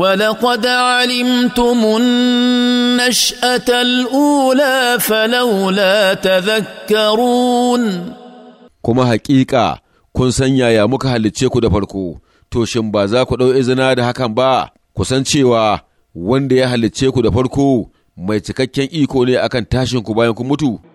ولقد علمتم النشأة الأولى فلولا تذكرون kuma haƙiƙa kun san yaya muka halicce ku da farko, to shin ba za ku ɗau izina da hakan ba, ku san cewa wanda ya halicce ku da farko mai cikakken iko ne akan tashin ku bayan ku mutu.